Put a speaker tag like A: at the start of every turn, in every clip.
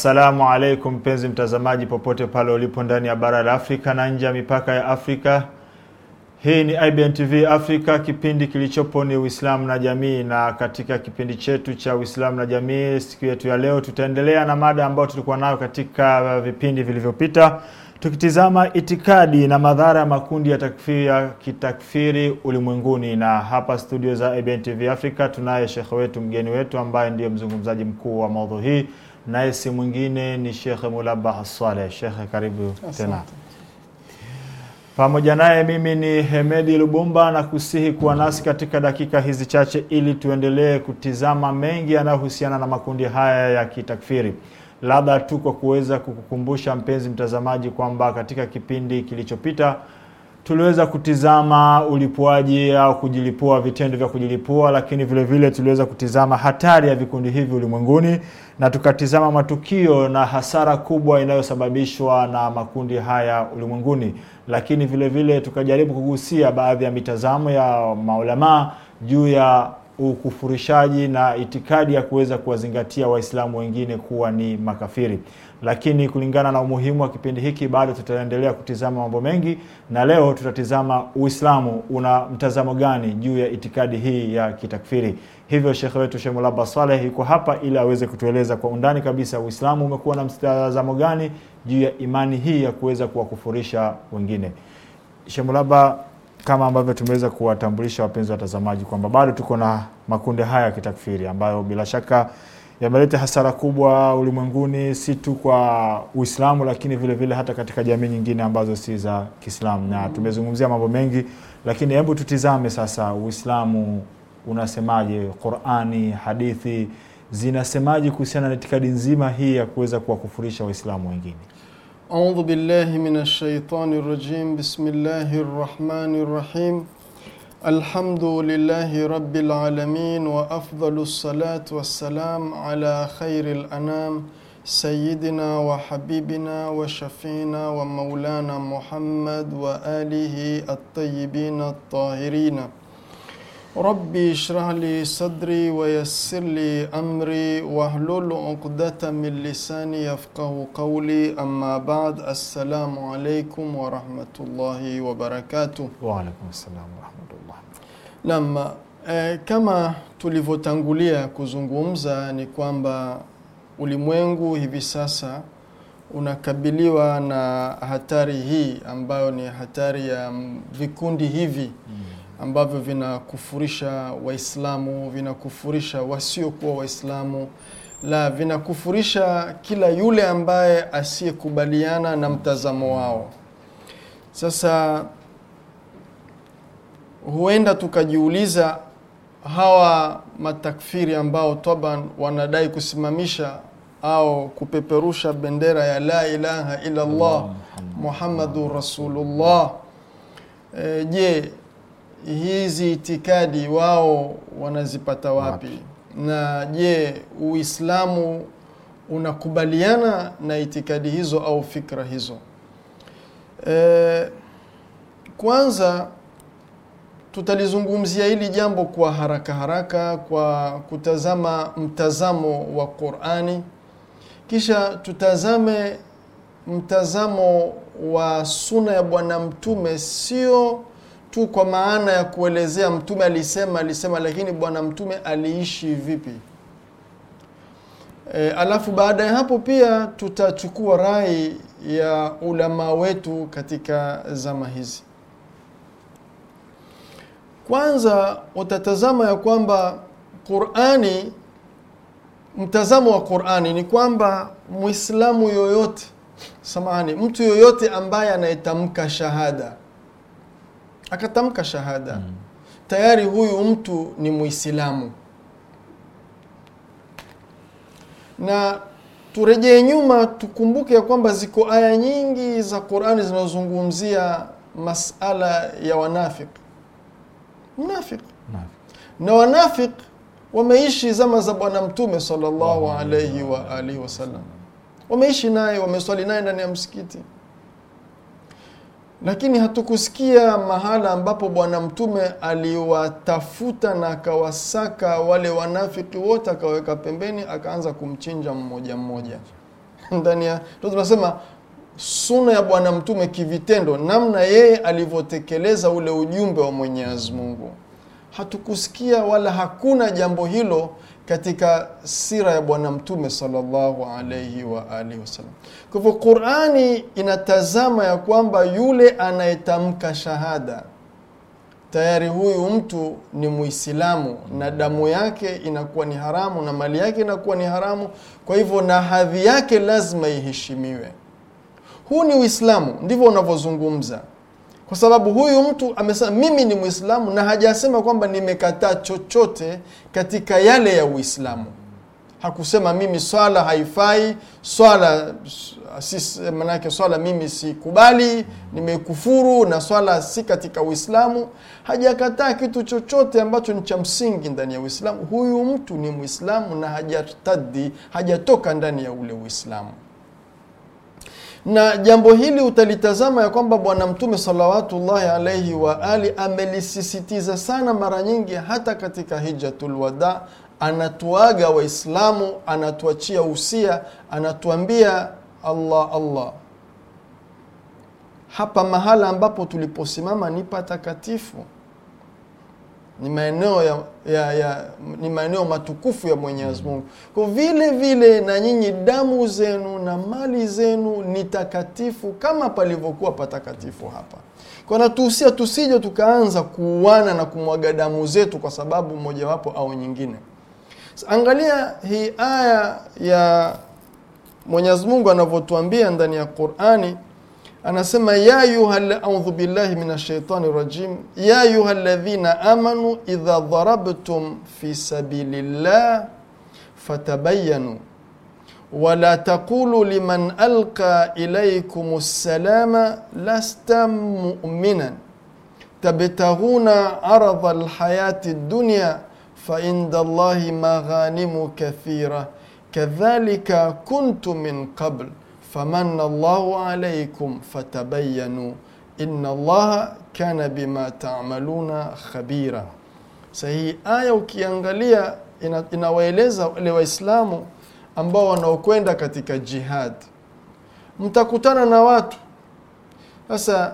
A: Assalamu alaikum mpenzi mtazamaji, popote pale ulipo ndani ya bara la Afrika na nje ya mipaka ya Afrika. Hii ni IBN TV Afrika, kipindi kilichopo ni Uislamu na jamii, na katika kipindi chetu cha Uislamu na jamii siku yetu ya leo tutaendelea na mada ambayo tulikuwa nayo katika vipindi vilivyopita, tukitizama itikadi na madhara ya makundi ya takfiri ya kitakfiri ulimwenguni. Na hapa studio za IBN TV Afrika tunaye shekhe wetu, mgeni wetu, ambaye ndiye mzungumzaji mkuu wa maudhui hii naye si mwingine ni Shekhe Mulabah Saleh. Shekhe, karibu tena pamoja naye. Mimi ni Hemedi Lubumba, na kusihi kuwa nasi katika dakika hizi chache ili tuendelee kutizama mengi yanayohusiana na makundi haya ya kitakfiri, labda tu kwa kuweza kukukumbusha mpenzi mtazamaji kwamba katika kipindi kilichopita tuliweza kutizama ulipuaji au kujilipua, vitendo vya kujilipua, lakini vile vile tuliweza kutizama hatari ya vikundi hivi ulimwenguni na tukatizama matukio na hasara kubwa inayosababishwa na makundi haya ulimwenguni, lakini vile vile tukajaribu kugusia baadhi ya mitazamo ya maulamaa juu ya ukufurishaji na itikadi ya kuweza kuwazingatia Waislamu wengine kuwa ni makafiri. Lakini kulingana na umuhimu wa kipindi hiki, bado tutaendelea kutizama mambo mengi, na leo tutatizama Uislamu una mtazamo gani juu ya itikadi hii ya kitakfiri. Hivyo shekhe wetu Sheikh Mulaba Saleh yuko hapa ili aweze kutueleza kwa undani kabisa Uislamu umekuwa na mtazamo gani juu ya imani hii ya kuweza kuwakufurisha wengine. Sheikh Mulaba kama ambavyo tumeweza kuwatambulisha wapenzi watazamaji kwamba bado tuko na makundi haya ya kitakfiri ambayo bila shaka yameleta hasara kubwa ulimwenguni, si tu kwa Uislamu lakini vile vile hata katika jamii nyingine ambazo si za Kiislamu. Na mm. tumezungumzia mambo mengi, lakini hebu tutizame sasa Uislamu unasemaje, Qurani, hadithi zinasemaje kuhusiana na itikadi nzima hii ya kuweza kuwakufurisha Waislamu wengine.
B: أعوذ بالله من الشيطان الرجيم بسم الله الرحمن الرحيم الحمد لله رب العالمين وأفضل الصلاة والسلام على خير الأنام سيدنا وحبيبنا وشفينا ومولانا محمد وآله الطيبين الطاهرين Rabbi shrah li sadri wa yassir li amri wahlul uqdata min lisani yafqahu qawli amma ba'd. Assalamu alaikum wa rahmatullahi wa barakatuh. Wa alaikum assalam wa rahmatullah. eh, kama tulivyotangulia kuzungumza ni kwamba ulimwengu hivi sasa unakabiliwa na hatari hii ambayo ni hatari ya vikundi hivi mm ambavyo vinakufurisha Waislamu, vinakufurisha wasiokuwa Waislamu, la vinakufurisha kila yule ambaye asiyekubaliana na mtazamo wao. Sasa huenda tukajiuliza hawa matakfiri ambao toban wanadai kusimamisha au kupeperusha bendera ya la ilaha illa Allah Muhammadu Rasulullah, e, je, hizi itikadi wao wanazipata wapi? Wapi? Na je, Uislamu unakubaliana na itikadi hizo au fikra hizo? E, kwanza tutalizungumzia hili jambo kwa haraka haraka kwa kutazama mtazamo wa Qur'ani, kisha tutazame mtazamo wa suna ya Bwana Mtume, sio tu kwa maana ya kuelezea mtume alisema, alisema, lakini bwana mtume aliishi vipi? E, alafu baada ya hapo pia tutachukua rai ya ulama wetu katika zama hizi. Kwanza utatazama ya kwamba Qur'ani, mtazamo wa Qur'ani ni kwamba mwislamu yoyote, samahani, mtu yoyote ambaye anayetamka shahada akatamka shahada mm. tayari huyu mtu ni Muislamu. Na turejee nyuma, tukumbuke ya kwamba ziko aya nyingi za Qur'ani zinazozungumzia masala ya wanafik mnafik na wanafik wameishi zama za Bwana Mtume sallallahu alaihi wa alihi wasallam, wameishi naye, wameswali naye ndani ya msikiti lakini hatukusikia mahala ambapo Bwana Mtume aliwatafuta na akawasaka wale wanafiki wote, akaweka pembeni, akaanza kumchinja mmoja mmoja ndani ya tunasema suna ya Bwana Mtume kivitendo, namna yeye alivyotekeleza ule ujumbe wa Mwenyezi Mungu. Hatukusikia wala hakuna jambo hilo katika sira ya Bwana Mtume sallallahu alaihi wa alihi wasallam. Kwa hivyo Qurani inatazama ya kwamba yule anayetamka shahada tayari huyu mtu ni Muislamu na damu yake inakuwa ni haramu na mali yake inakuwa ni haramu, kwa hivyo na hadhi yake lazima iheshimiwe. Huu ni Uislamu, ndivyo unavyozungumza kwa sababu huyu mtu amesema mimi ni mwislamu na hajasema kwamba nimekataa chochote katika yale ya uislamu hakusema mimi swala haifai swala si, manake swala mimi sikubali nimekufuru na swala si katika uislamu hajakataa kitu chochote ambacho ni cha msingi ndani ya uislamu huyu mtu ni mwislamu na hajatadi hajatoka ndani ya ule uislamu na jambo hili utalitazama ya kwamba Bwana Mtume salawatullahi alaihi wa ali amelisisitiza sana mara nyingi, hata katika hijatulwada anatuaga Waislamu, anatuachia usia, anatuambia Allah Allah. Hapa mahala ambapo tuliposimama ni patakatifu ni maeneo ya, ya, ya, ni maeneo matukufu ya Mwenyezi Mungu. Kwa vile vile na nyinyi damu zenu na mali zenu ni takatifu kama palivyokuwa patakatifu hapa. Kwa natuhusia tusije tukaanza kuuana na kumwaga damu zetu kwa sababu mojawapo au nyingine. Angalia hii aya ya Mwenyezi Mungu anavyotuambia ndani ya Qur'ani anasema ya ayuha audhu billahi min ashaitani rajim ya ayuha ladhina amanu idha darabtum fi sabilillah fatabayanu wala taqulu liman alqa ilaykum assalama lasta mu'minan tabtaghuna aradha alhayati ad-dunya fa inda allahi maghanimu kathira kadhalika kuntum min qabl famanna Allahu alaykum fatabayyanu inna Allaha kana bima ta'maluna ta khabira. Sahihi aya ukiangalia ina, inawaeleza wale Waislamu ambao wanaokwenda katika jihad, mtakutana na watu sasa.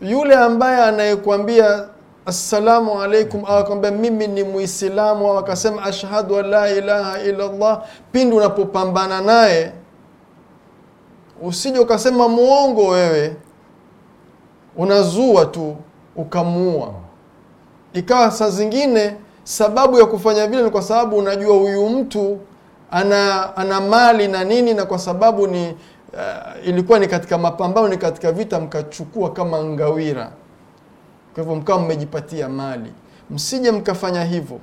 B: Yule ambaye anayekwambia assalamu alaikum au akwambia mimi ni Muislamu au akasema ashhadu an la ilaha illa Allah, pindi unapopambana naye usije ukasema muongo wewe, unazua tu ukamuua. Ikawa saa zingine sababu ya kufanya vile ni kwa sababu unajua huyu mtu ana, ana mali na nini, na kwa sababu ni uh, ilikuwa ni katika mapambano, ni katika vita, mkachukua kama ngawira, kwa hivyo mkawa mmejipatia mali. Msije mkafanya hivyo,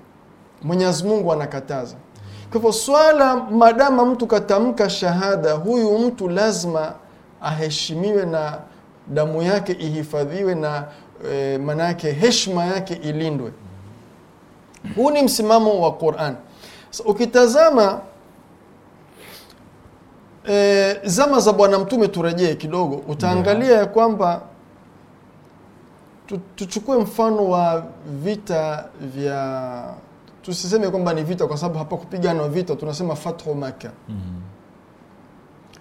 B: Mwenyezi Mungu anakataza. Kwa hivyo swala, madama mtu katamka shahada, huyu mtu lazima aheshimiwe na damu yake ihifadhiwe na e, manake heshima yake ilindwe. Huu ni msimamo wa Quran. So, ukitazama e, zama za Bwana Mtume, turejee kidogo, utaangalia ya kwamba tuchukue mfano wa vita vya tusiseme kwamba ni vita, kwa sababu hapa kupiganwa vita, tunasema fathu Maka. mm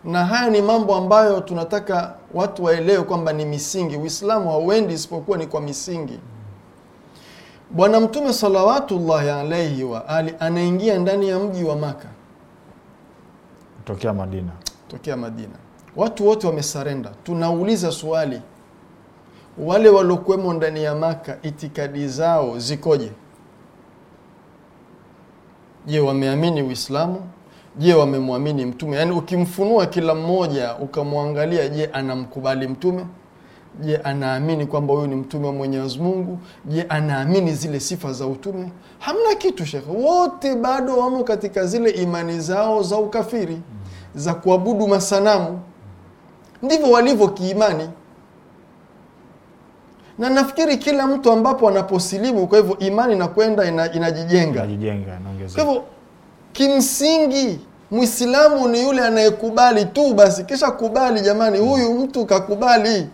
B: -hmm. na haya ni mambo ambayo tunataka watu waelewe kwamba ni misingi. Uislamu hauendi isipokuwa ni kwa misingi. Bwana Mtume salawatullahi alaihi wa ali anaingia ndani ya mji wa Maka
A: tokea Madina,
B: tokea Madina, watu wote wamesarenda. Tunauliza swali, wale waliokuwemo ndani ya Maka itikadi zao zikoje? Je, wameamini Uislamu? Je, wamemwamini Mtume? Yaani ukimfunua kila mmoja ukamwangalia, je, anamkubali Mtume? Je, anaamini kwamba huyu ni mtume wa Mwenyezi Mungu? Je, anaamini zile sifa za utume? Hamna kitu shekhe, wote bado wamo katika zile imani zao za ukafiri za kuabudu masanamu. Ndivyo walivyo kiimani na nafikiri kila mtu ambapo anaposilimu, kwa hivyo imani inakwenda ina, inajijenga inajijenga, Kwa hivyo kimsingi Mwislamu ni yule anayekubali tu basi, kisha kubali jamani, hmm. huyu mtu kakubali.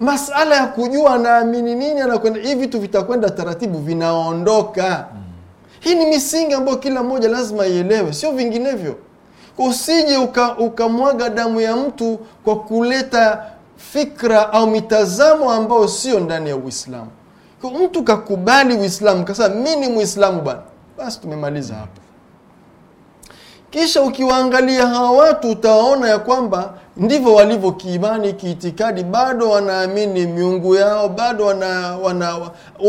B: Masala ya kujua anaamini nini, anakwenda hivi, vitu vitakwenda taratibu, vinaondoka. Hmm. Hii ni misingi ambayo kila mmoja lazima ielewe, sio vinginevyo. Usije ukamwaga uka damu ya mtu kwa kuleta fikra au mitazamo ambayo sio ndani ya Uislamu. Kwa mtu kakubali Uislamu kasema mi ni Muislamu bwana, basi tumemaliza hapo. Kisha ukiwaangalia hawa watu utawaona ya kwamba ndivyo walivyo kiimani, kiitikadi, bado wanaamini miungu yao, bado wana, wana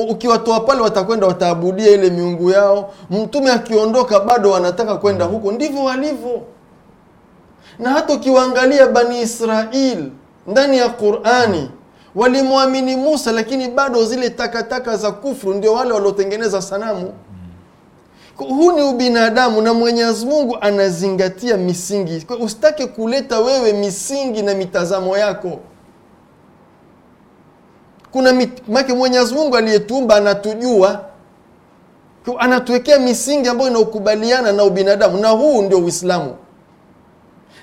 B: ukiwatoa pale watakwenda wataabudia ile miungu yao. Mtume akiondoka bado wanataka kwenda huko, ndivyo walivyo. Na hata ukiwaangalia Bani Israeli ndani ya Qur'ani walimwamini Musa, lakini bado zile takataka za kufru ndio wale waliotengeneza sanamu. Huu ni ubinadamu, na Mwenyezi Mungu anazingatia misingi. Usitake kuleta wewe misingi na mitazamo yako kuna make Mwenyezi Mungu aliyetuumba anatujua, anatuwekea misingi ambayo inaokubaliana na ubinadamu, na huu ndio Uislamu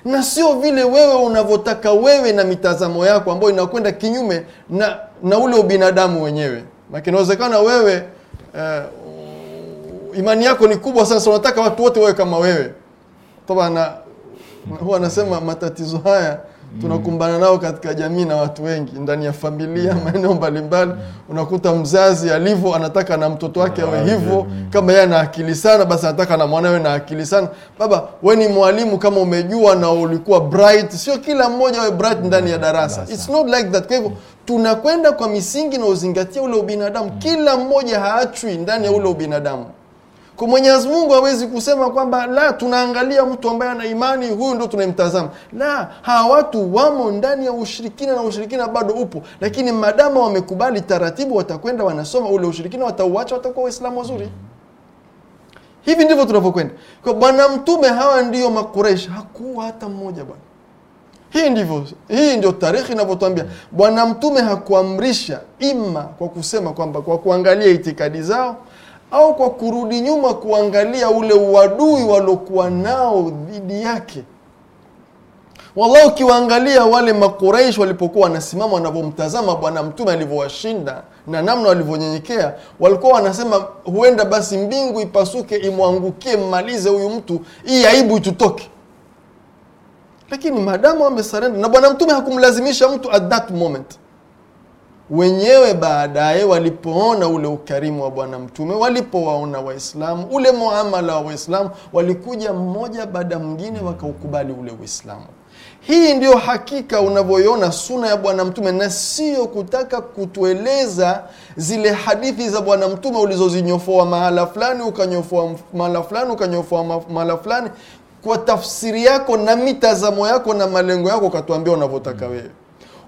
B: na sio vile wewe unavyotaka wewe na mitazamo yako ambayo inakwenda kinyume na, na ule ubinadamu wenyewe. Inawezekana wewe uh, imani yako ni kubwa sana, unataka watu wote wawe kama wewe. Huwa anasema matatizo haya tunakumbana nao katika jamii na watu wengi ndani ya familia mm. maeneo mbalimbali. Unakuta mzazi alivyo, anataka na mtoto wake awe ah, hivyo. Kama yeye ana akili sana, basi anataka na mwanawe na akili sana. Baba, we ni mwalimu, kama umejua na ulikuwa bright. Sio kila mmoja awe bright mm, ndani ya darasa, it's not like that. Kwa hivyo tunakwenda kwa misingi na uzingatia ule ubinadamu, mm. kila mmoja haachwi ndani ya ule ubinadamu kwa Mwenyezi Mungu hawezi kusema kwamba la, tunaangalia mtu ambaye ana imani, huyu ndo tunaemtazama La, hawa watu wamo ndani ya ushirikina na ushirikina bado upo, lakini madama wamekubali taratibu, watakwenda wanasoma ule ushirikina, watauacha, watakuwa waislamu wazuri. Hivi ndivyo tunavyokwenda Bwana Mtume. Hawa ndiyo Makuraish, hakuwa hata mmoja bwana. Hii ndivyo, hii ndio tarikhi inavyotuambia. Bwana Mtume hakuamrisha ima kwa kusema kwamba kwa kuangalia itikadi zao au kwa kurudi nyuma kuangalia ule uadui waliokuwa nao dhidi yake. Wallahi, ukiwaangalia wale Makuraish walipokuwa wanasimama, wanavyomtazama Bwana Mtume alivyowashinda na namna walivyonyenyekea, walikuwa wanasema huenda basi mbingu ipasuke imwangukie, mmalize huyu mtu, hii aibu itutoke. Lakini maadamu amesarenda na Bwana Mtume hakumlazimisha mtu at that moment wenyewe baadaye walipoona ule ukarimu wa Bwana Mtume, walipowaona Waislamu, ule muamala wa Waislamu, walikuja mmoja baada mwingine wakaukubali ule Uislamu. Hii ndiyo hakika unavyoiona suna ya Bwana Mtume, na sio kutaka kutueleza zile hadithi za Bwana Mtume ulizozinyofoa mahala fulani ukanyofoa mahala fulani ukanyofoa mahala fulani kwa tafsiri yako na mitazamo yako na malengo yako, ukatuambia unavyotaka wewe.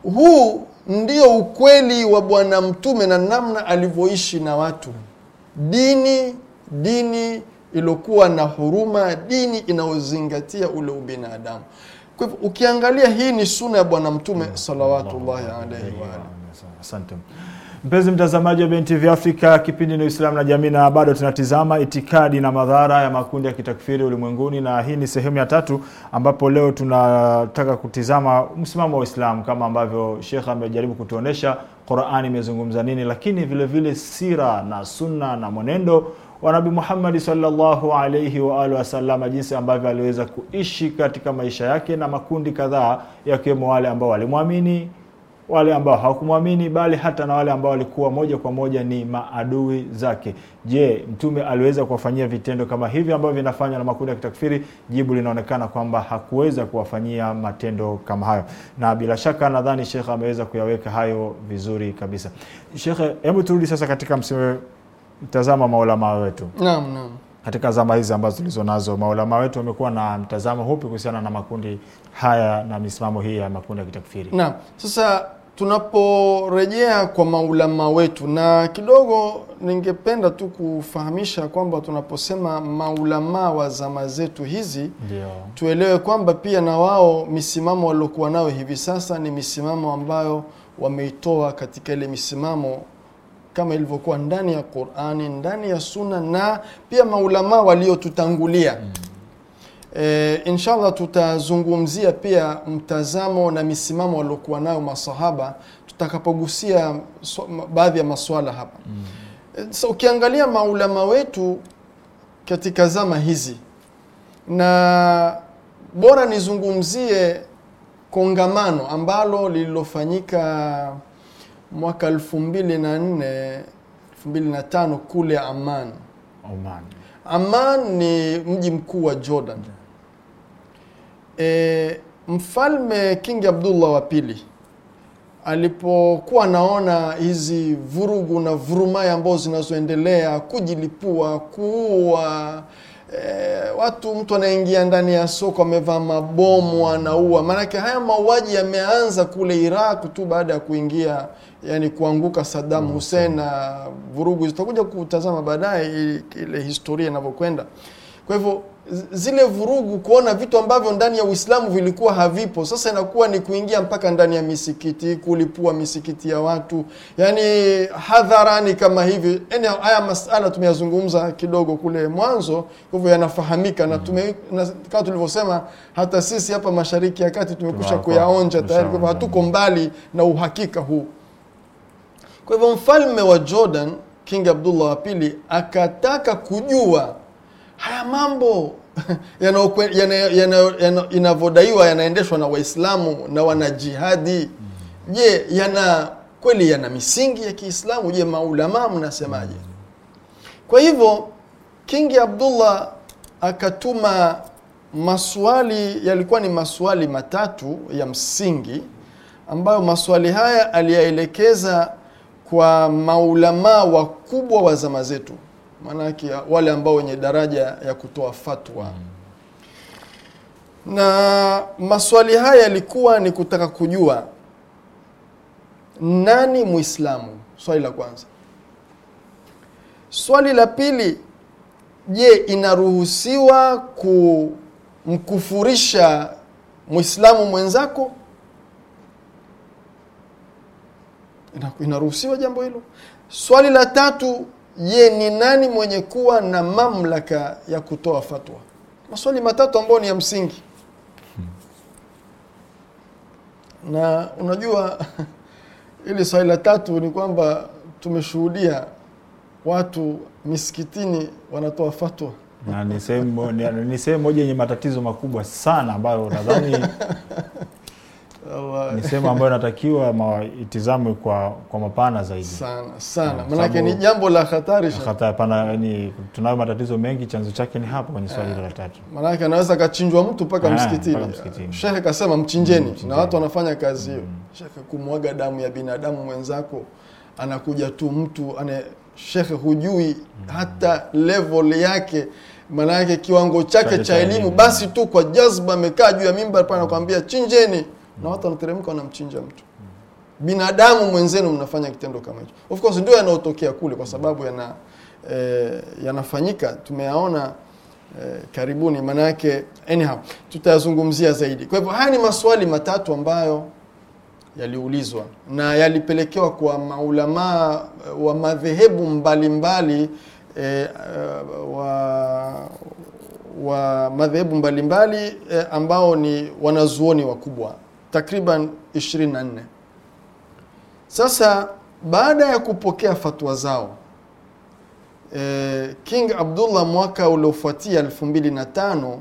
B: Huu ndio ukweli wa Bwana Mtume na namna alivyoishi na watu. Dini, dini iliokuwa na huruma, dini inayozingatia ule ubinadamu. Kwa hivyo ukiangalia, hii ni suna ya Bwana Mtume salawatullahi alaihi wa alihi.
A: Mpenzi mtazamaji wa BNTV Afrika, kipindi ni Uislamu na Jamii, na bado tunatizama itikadi na madhara ya makundi ya kitakfiri ulimwenguni, na hii ni sehemu ya tatu, ambapo leo tunataka kutizama msimamo wa Uislamu kama ambavyo Shekh amejaribu kutuonesha Qurani imezungumza nini, lakini vile vile sira na sunna na mwenendo wa Nabi Muhammadi sallallahu alaihi wa alihi wasallam, jinsi ambavyo aliweza kuishi katika maisha yake na makundi kadhaa, yakiwemo wale ambao walimwamini wale ambao hawakumwamini bali hata na wale ambao walikuwa moja kwa moja ni maadui zake. Je, mtume aliweza kuwafanyia vitendo kama hivi ambavyo vinafanywa na makundi ya kitakfiri? Jibu linaonekana kwamba hakuweza kuwafanyia matendo kama hayo, na bila shaka nadhani Shekhe ameweza kuyaweka hayo vizuri kabisa. Shekhe, hebu turudi sasa katika msimu mtazama maulama wetu. Naam, naam katika zama hizi ambazo tulizo nazo maulama wetu wamekuwa na mtazamo hupi kuhusiana na makundi haya na misimamo hii ya makundi ya kitakfiri.
B: Naam, sasa tunaporejea kwa maulama wetu, na kidogo ningependa tu kufahamisha kwamba tunaposema maulama wa zama zetu hizi Ndiyo. tuelewe kwamba pia na wao misimamo waliokuwa nayo hivi sasa ni misimamo ambayo wameitoa katika ile misimamo kama ilivyokuwa ndani ya Qur'ani, ndani ya Sunna na pia maulama waliotutangulia mm. E, inshallah tutazungumzia pia mtazamo na misimamo waliokuwa nayo masahaba tutakapogusia so, baadhi ya maswala hapa mm. E, so, ukiangalia maulama wetu katika zama hizi, na bora nizungumzie kongamano ambalo lililofanyika mwaka 2004 2005 kule Amman. Oman. Amman ni mji mkuu wa Jordan yeah e, mfalme King Abdullah wa pili alipokuwa anaona hizi vurugu na vurumai ambazo zinazoendelea kujilipua, kuua e, watu, mtu anaingia ndani ya soko amevaa mabomu anaua. Maanake haya mauaji yameanza kule Iraq tu baada ya kuingia yani kuanguka sadamu mm, Hussein mm. na vurugu, zitakuja kutazama baadaye ile historia inavyokwenda. Kwa hivyo zile vurugu, kuona vitu ambavyo ndani ya Uislamu vilikuwa havipo, sasa inakuwa ni kuingia mpaka ndani ya misikiti, kulipua misikiti ya watu, yani hadharani kama hivi. Yani haya masala tumeyazungumza kidogo kule mwanzo, hivyo yanafahamika na tume, na kama tulivyosema, hata sisi hapa Mashariki ya Kati tumekusha kuyaonja tayari, kwa hatuko mbali na uhakika huu. Kwa hivyo mfalme wa Jordan King Abdullah wa pili akataka kujua haya mambo inavyodaiwa yanaendeshwa na Waislamu na wanajihadi, je, yana kweli yana misingi ya Kiislamu? Je, maulamaa mnasemaje? Kwa hivyo Kingi Abdullah akatuma maswali, yalikuwa ni maswali matatu ya msingi, ambayo maswali haya aliyaelekeza kwa maulamaa wakubwa wa zama zetu maanake wale ambao wenye daraja ya kutoa fatwa mm. na maswali haya yalikuwa ni kutaka kujua nani Muislamu, swali la kwanza. Swali la pili, je, inaruhusiwa kumkufurisha Muislamu mwenzako? Inaruhusiwa jambo hilo. Swali la tatu, ye ni nani mwenye kuwa na mamlaka ya kutoa fatwa? Maswali matatu ambayo ni ya msingi hmm. Na unajua ili swali la tatu ni kwamba tumeshuhudia watu misikitini wanatoa fatwa
A: na ni sehemu moja yenye matatizo makubwa sana ambayo nadhani
B: ni sehemu ambayo
A: inatakiwa itizamwe kwa, kwa mapana zaidi sana sana, maanake ni jambo la hatari pana. ni tunayo matatizo mengi, chanzo chake ni hapo kwenye swali eh, la tatu,
B: maanake anaweza akachinjwa mtu mpaka ah, msikitini. shehe kasema mchinjeni, mm, na watu wanafanya kazi hiyo. Mm. Shehe, kumwaga damu ya binadamu mwenzako, anakuja tu mtu ane shehe, hujui mm. hata level yake yake kiwango chake cha elimu, basi tu kwa jazba amekaa juu ya mimbar panakwambia chinjeni na watu wanateremka wanamchinja mtu binadamu mwenzenu mnafanya kitendo kama hicho of course ndio yanayotokea kule kwa sababu yana eh, yanafanyika tumeyaona eh, karibuni maanayake anyhow tutayazungumzia zaidi kwa hivyo haya ni maswali matatu ambayo yaliulizwa na yalipelekewa kwa maulamaa eh, wa madhehebu mbalimbali e, wa wa madhehebu mbalimbali e, ambao ni wanazuoni wakubwa takriban 24. Sasa baada ya kupokea fatwa zao e, King Abdullah mwaka uliofuatia 2005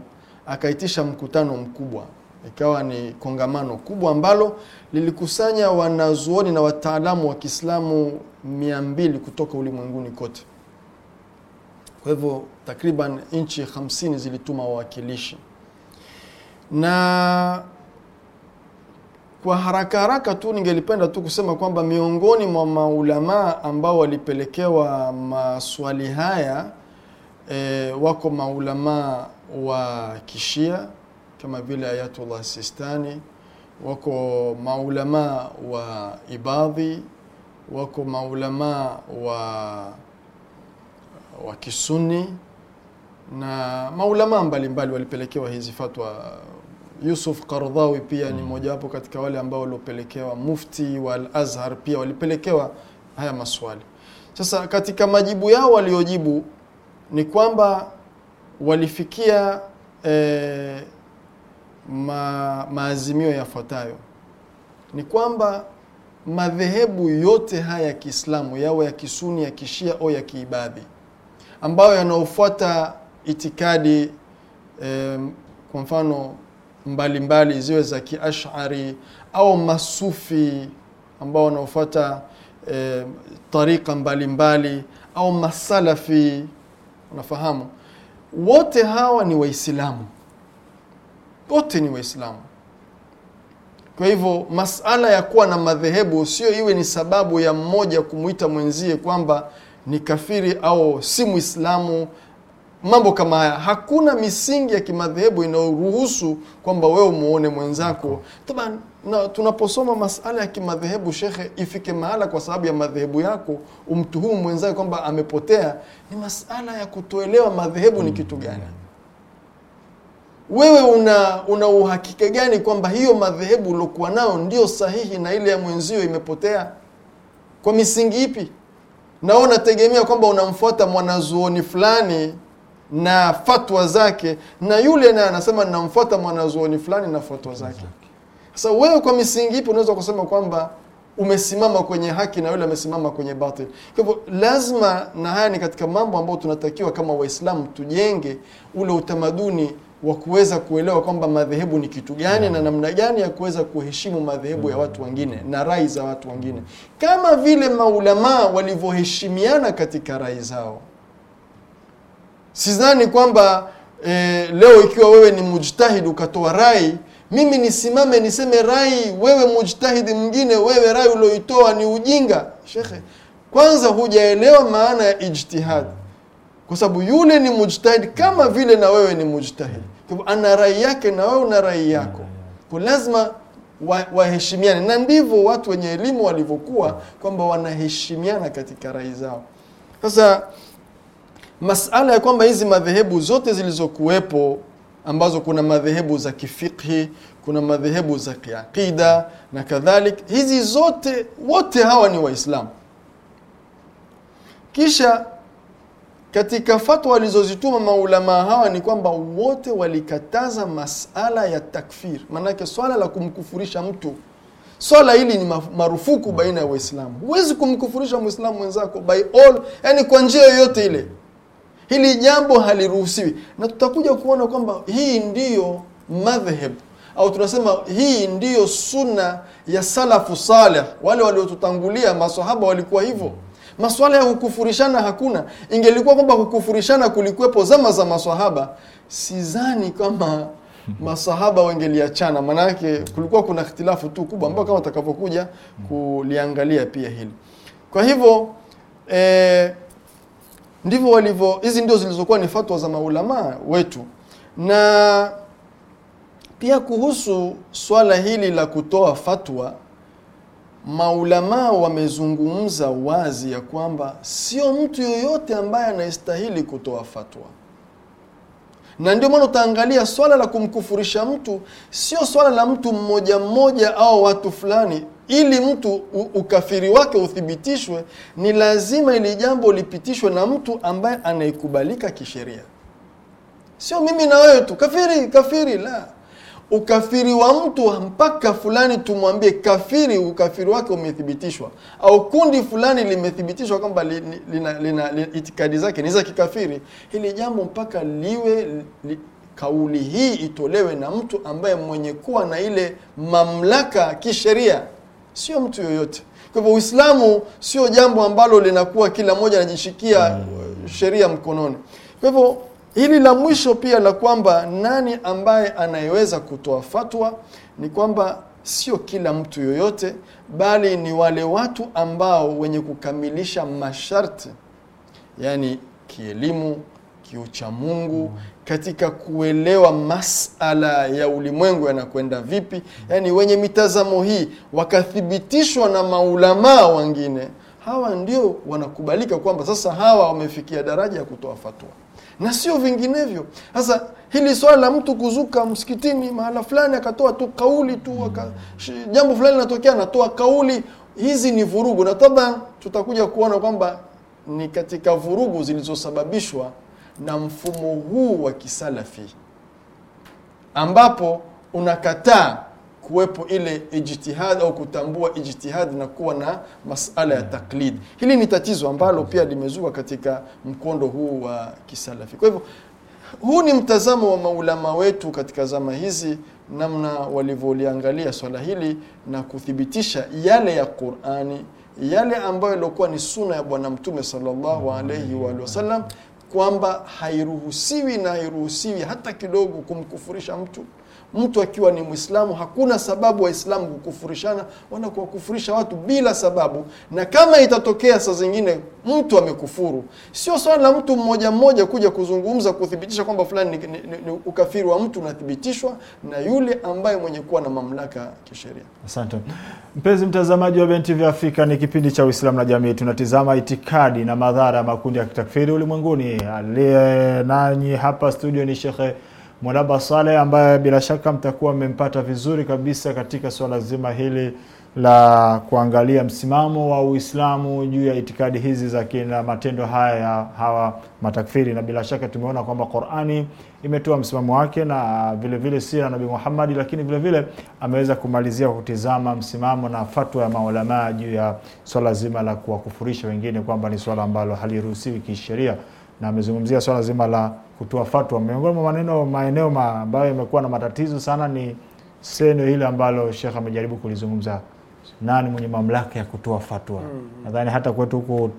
B: akaitisha mkutano mkubwa, ikawa ni kongamano kubwa ambalo lilikusanya wanazuoni na wataalamu wa Kiislamu 200 kutoka ulimwenguni kote. Kwa hivyo takriban nchi 50 zilituma wawakilishi na kwa haraka haraka tu ningelipenda tu kusema kwamba miongoni mwa maulamaa ambao walipelekewa maswali haya e, wako maulamaa wa kishia kama vile Ayatullah Sistani, wako maulamaa wa Ibadhi, wako maulamaa wa, wa kisuni na maulamaa mbalimbali walipelekewa hizi fatwa Yusuf Kardhawi pia mm. ni wapo katika wale ambao waliopelekewa, mufti wa Al-Azhar pia walipelekewa haya maswali. Sasa katika majibu yao waliojibu ni kwamba walifikia eh, ma, maazimio yafuatayo ni kwamba madhehebu yote haya ya Kiislamu yawe ya Kisuni, ya Kishia au ya Kiibadhi ambayo yanaofuata itikadi eh, kwa mfano mbalimbali ziwe za kiashari au masufi ambao wanaofuata e, eh, tarika mbalimbali mbali, au masalafi unafahamu, wote hawa ni Waislamu, wote ni Waislamu. Kwa hivyo masala ya kuwa na madhehebu sio iwe ni sababu ya mmoja kumuita mwenzie kwamba ni kafiri au si Mwislamu mambo kama haya. Hakuna misingi ya kimadhehebu inayoruhusu kwamba wewe muone mwenzako Na tunaposoma masala ya kimadhehebu, shekhe, ifike mahala kwa sababu ya madhehebu yako umtuhumu mwenzako kwamba amepotea, ni masala ya kutoelewa madhehebu ni mm. kitu gani. Wewe una una uhakika gani kwamba hiyo madhehebu uliokuwa nayo ndio sahihi na ile ya mwenzio imepotea? Kwa misingi ipi? Na wewe unategemea kwamba unamfuata mwanazuoni fulani na fatwa zake, na yule naye anasema namfuata mwanazuoni fulani na fatwa zake. Sasa wewe kwa misingi ipo unaweza kusema kwamba umesimama kwenye haki na yule amesimama kwenye batil? Kwa hivyo lazima, na haya ni katika mambo ambayo tunatakiwa kama Waislamu tujenge ule utamaduni wa kuweza kuelewa kwamba madhehebu ni kitu gani na mm. namna gani ya kuweza kuheshimu madhehebu ya mm. watu wengine na rai za watu wengine, kama vile maulamaa walivyoheshimiana katika rai zao. Sidhani kwamba e, leo ikiwa wewe ni mujtahid ukatoa rai, mimi nisimame niseme rai wewe mujtahidi mwingine, wewe rai ulioitoa ni ujinga. Shekhe, kwanza hujaelewa maana ya ijtihad, kwa sababu yule ni mujtahid kama vile na wewe ni mujtahid, ana rai yake na wewe una rai yako, kwa lazima waheshimiane wa na ndivyo watu wenye elimu walivyokuwa kwamba wanaheshimiana katika rai zao. Sasa masala ya kwamba hizi madhehebu zote zilizokuwepo ambazo kuna madhehebu za kifikhi, kuna madhehebu za kiaqida na kadhalik, hizi zote wote hawa ni Waislamu. Kisha katika fatwa alizozituma maulamaa hawa ni kwamba wote walikataza masala ya takfir, maanake swala la kumkufurisha mtu swala hili ni marufuku baina ya Waislamu. Huwezi kumkufurisha Mwislamu mwenzako by all, yani kwa njia yoyote ile. Hili jambo haliruhusiwi, na tutakuja kuona kwamba hii ndiyo madhhab au tunasema hii ndiyo sunna ya salafu saleh, wale waliotutangulia masahaba walikuwa hivyo. Maswala ya kukufurishana hakuna. Ingelikuwa kwamba kukufurishana kulikuwepo zama za maswahaba, sizani kama masahaba wengeliachana maanake kulikuwa kuna ikhtilafu tu kubwa, ambao kama utakavyokuja kuliangalia pia hili. Kwa hivyo eh, ndivyo walivyo. Hizi ndio zilizokuwa ni fatwa za maulama wetu. Na pia kuhusu swala hili la kutoa fatwa, maulama wamezungumza wazi ya kwamba sio mtu yoyote ambaye anayestahili kutoa fatwa, na ndio maana utaangalia swala la kumkufurisha mtu sio swala la mtu mmoja mmoja au watu fulani ili mtu ukafiri wake uthibitishwe, ni lazima ili jambo lipitishwe na mtu ambaye anaikubalika kisheria. Sio mimi na wewe tu kafiri kafiri, la ukafiri wa mtu mpaka fulani tumwambie kafiri, ukafiri wake umethibitishwa, au kundi fulani limethibitishwa kwamba lina, lina, itikadi zake ni za kikafiri. Hili jambo mpaka liwe li, kauli hii itolewe na mtu ambaye mwenye kuwa na ile mamlaka kisheria sio mtu yoyote. Kwa hivyo Uislamu sio jambo ambalo linakuwa kila mmoja anajishikia mm. sheria mkononi. Kwa hivyo hili la mwisho pia la kwamba nani ambaye anayeweza kutoa fatwa ni kwamba sio kila mtu yoyote, bali ni wale watu ambao wenye kukamilisha masharti, yani kielimu, kiuchamungu mm katika kuelewa masala ya ulimwengu yanakwenda vipi. Yaani wenye mitazamo hii wakathibitishwa na maulamaa wengine, hawa ndio wanakubalika kwamba sasa hawa wamefikia daraja ya kutoa fatwa na sio vinginevyo. Sasa hili swala la mtu kuzuka msikitini mahala fulani akatoa tu kauli tu waka, jambo fulani linatokea anatoa kauli, hizi ni vurugu, na taban tutakuja kuona kwamba ni katika vurugu zilizosababishwa na mfumo huu wa kisalafi ambapo unakataa kuwepo ile ijtihad au kutambua ijtihad na kuwa na masala ya taklid. Hili ni tatizo ambalo pia limezuka katika mkondo huu wa kisalafi. Kwa hivyo huu ni mtazamo wa maulama wetu katika zama hizi, namna walivyoliangalia swala hili na kuthibitisha yale ya Qur'ani, yale ambayo iliokuwa ni suna ya Bwana Mtume sallallahu alaihi wa alihi kwamba hairuhusiwi na hairuhusiwi hata kidogo kumkufurisha mtu mtu akiwa ni Mwislamu hakuna sababu Waislamu kukufurishana wala kuwakufurisha watu bila sababu. Na kama itatokea saa zingine mtu amekufuru, sio swala la mtu mmoja mmoja kuja kuzungumza kuthibitisha kwamba fulani ni, ni, ni ukafiri wa mtu unathibitishwa na yule ambaye mwenye kuwa na mamlaka kisheria.
A: Asante mpenzi mtazamaji wa BenTV Afrika, ni kipindi cha Uislamu na Jamii. Tunatizama itikadi na madhara ya makundi ya kitakfiri ulimwenguni. Aliye nanyi hapa studio ni Shekhe Mwanaba Saleh ambaye bila shaka mtakuwa mmempata vizuri kabisa katika swala zima hili la kuangalia msimamo wa Uislamu juu ya itikadi hizi za kina matendo haya ya hawa matakfiri, na bila shaka tumeona kwamba Qur'ani imetoa msimamo wake na vile vile na Nabii Muhammad, lakini vile vile ameweza kumalizia kutizama msimamo na fatwa ya maulamaa juu ya swala zima la kuwakufurisha wengine kwamba ni swala ambalo haliruhusiwi kisheria, na amezungumzia swala zima la kutoa fatwa. Miongoni mwa maneno maeneo ambayo yamekuwa na matatizo sana ni seno hili ambalo Sheikh amejaribu kulizungumza, nani mwenye mamlaka ya kutoa fatwa? mm. -hmm. Nadhani hata kwetu huko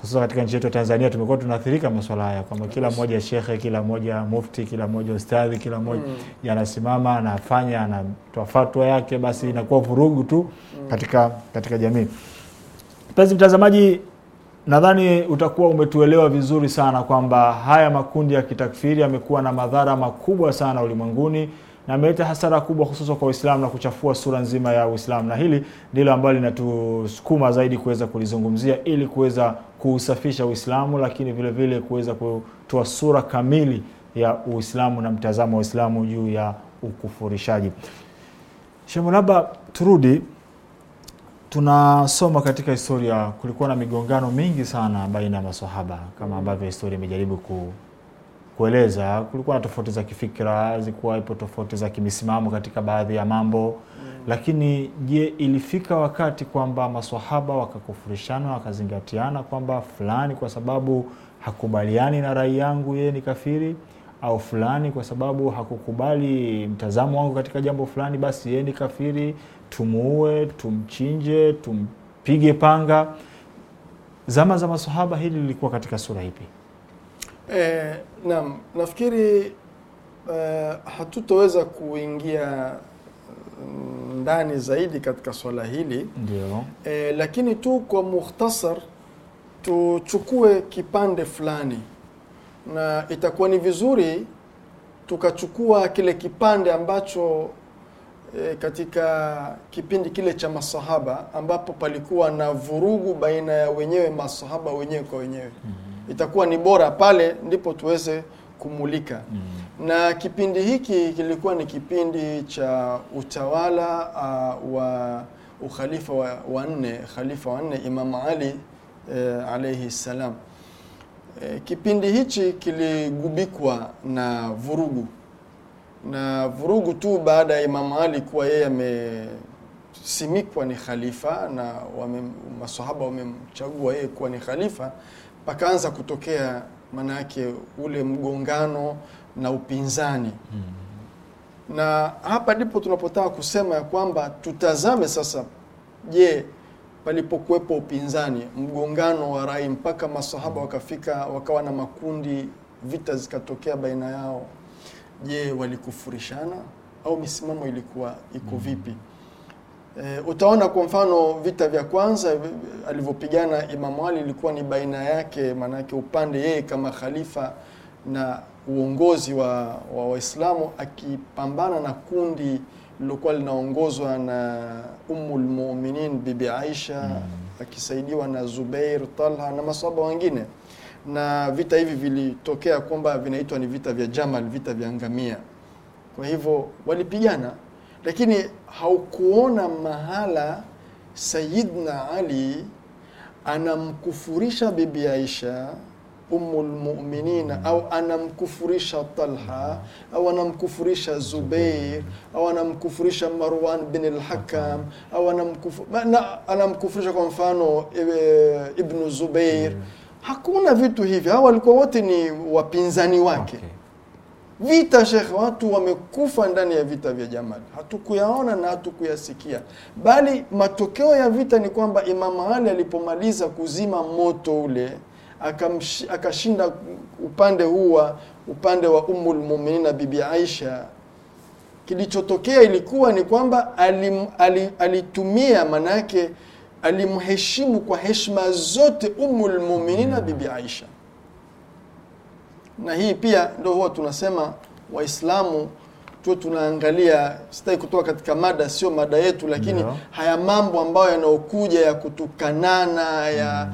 A: hususan katika nchi yetu ya Tanzania tumekuwa tunaathirika masuala haya kwamba kila mmoja shekhe, kila mmoja mufti, kila mmoja ustadhi, kila mmoja mm. yanasimama anafanya anatoa fatwa yake, basi inakuwa vurugu tu mm. katika, katika jamii. Mpenzi mtazamaji nadhani utakuwa umetuelewa vizuri sana kwamba haya makundi ya kitakfiri yamekuwa na madhara makubwa sana ulimwenguni na ameleta hasara kubwa hususan kwa Uislamu na kuchafua sura nzima ya Uislamu, na hili ndilo ambalo linatusukuma zaidi kuweza kulizungumzia ili kuweza kuusafisha Uislamu, lakini vile vile kuweza kutoa sura kamili ya Uislamu na mtazamo wa Uislamu juu ya ukufurishaji. labda turudi Tunasoma katika historia, kulikuwa na migongano mingi sana baina ya maswahaba kama ambavyo historia imejaribu ku, kueleza. Kulikuwa na tofauti za kifikira, zilikuwa ipo tofauti za kimisimamo katika baadhi ya mambo mm. Lakini je, ilifika wakati kwamba maswahaba wakakufurishana, wakazingatiana kwamba fulani kwa sababu hakubaliani na rai yangu yeye ni kafiri, au fulani kwa sababu hakukubali mtazamo wangu katika jambo fulani, basi yeye ni kafiri tumuue, tumchinje, tumpige panga. Zama za masahaba hili lilikuwa katika sura ipi?
B: Eh, naam, nafikiri eh, hatutoweza kuingia ndani zaidi katika swala hili ndio. E, lakini tu kwa mukhtasar tuchukue kipande fulani, na itakuwa ni vizuri tukachukua kile kipande ambacho e, katika kipindi kile cha masahaba ambapo palikuwa na vurugu baina ya wenyewe masahaba wenyewe kwa wenyewe mm -hmm. Itakuwa ni bora pale ndipo tuweze kumulika mm -hmm. Na kipindi hiki kilikuwa ni kipindi cha utawala uh, wa ukhalifa wa nne, khalifa wa nne Imam Ali e, alayhi salam. e, kipindi hichi kiligubikwa na vurugu na vurugu tu baada ya Imam Ali kuwa yeye amesimikwa ni khalifa na wame, masahaba wamemchagua yeye kuwa ni khalifa, pakaanza kutokea manake ule mgongano na upinzani hmm. Na hapa ndipo tunapotaka kusema ya kwamba tutazame sasa, je, palipokuwepo upinzani, mgongano wa rai mpaka masahaba hmm. wakafika wakawa na makundi, vita zikatokea baina yao je, walikufurishana au misimamo ilikuwa iko mm. vipi? E, utaona kwa mfano vita vya kwanza alivyopigana Imamu Ali ilikuwa ni baina yake, maanake upande yeye kama khalifa na uongozi wa Waislamu akipambana na kundi lilokuwa linaongozwa na Ummul Mu'minin Bibi Aisha mm, akisaidiwa na Zubair, Talha na maswahaba wengine na vita hivi vilitokea kwamba vinaitwa ni vita vya Jamal, vita vya ngamia. Kwa hivyo walipigana, lakini haukuona mahala Sayyidna Ali anamkufurisha Bibi Aisha Ummul Mu'minina mm. au anamkufurisha Talha au anamkufurisha Zubair au anamkufurisha Marwan bin al-Hakam au anamkufurisha, kwa mfano e, e, Ibnu Zubair mm hakuna vitu hivi. Hao walikuwa wote ni wapinzani wake. Okay. Vita shekhe, watu wamekufa ndani ya vita vya Jamal, hatukuyaona na hatukuyasikia, bali matokeo ya vita ni kwamba Imam Ali alipomaliza kuzima moto ule akashinda upande huu wa upande wa Ummul Mu'minin na Bibi Aisha, kilichotokea ilikuwa ni kwamba alitumia ali alitumia manake alimheshimu kwa heshima zote Ummul Muminina Bibi Aisha. Na hii pia ndo huwa tunasema Waislamu tu tunaangalia, sitaki kutoka katika mada, sio mada yetu, lakini yeah. haya mambo ambayo yanayokuja ya kutukanana ya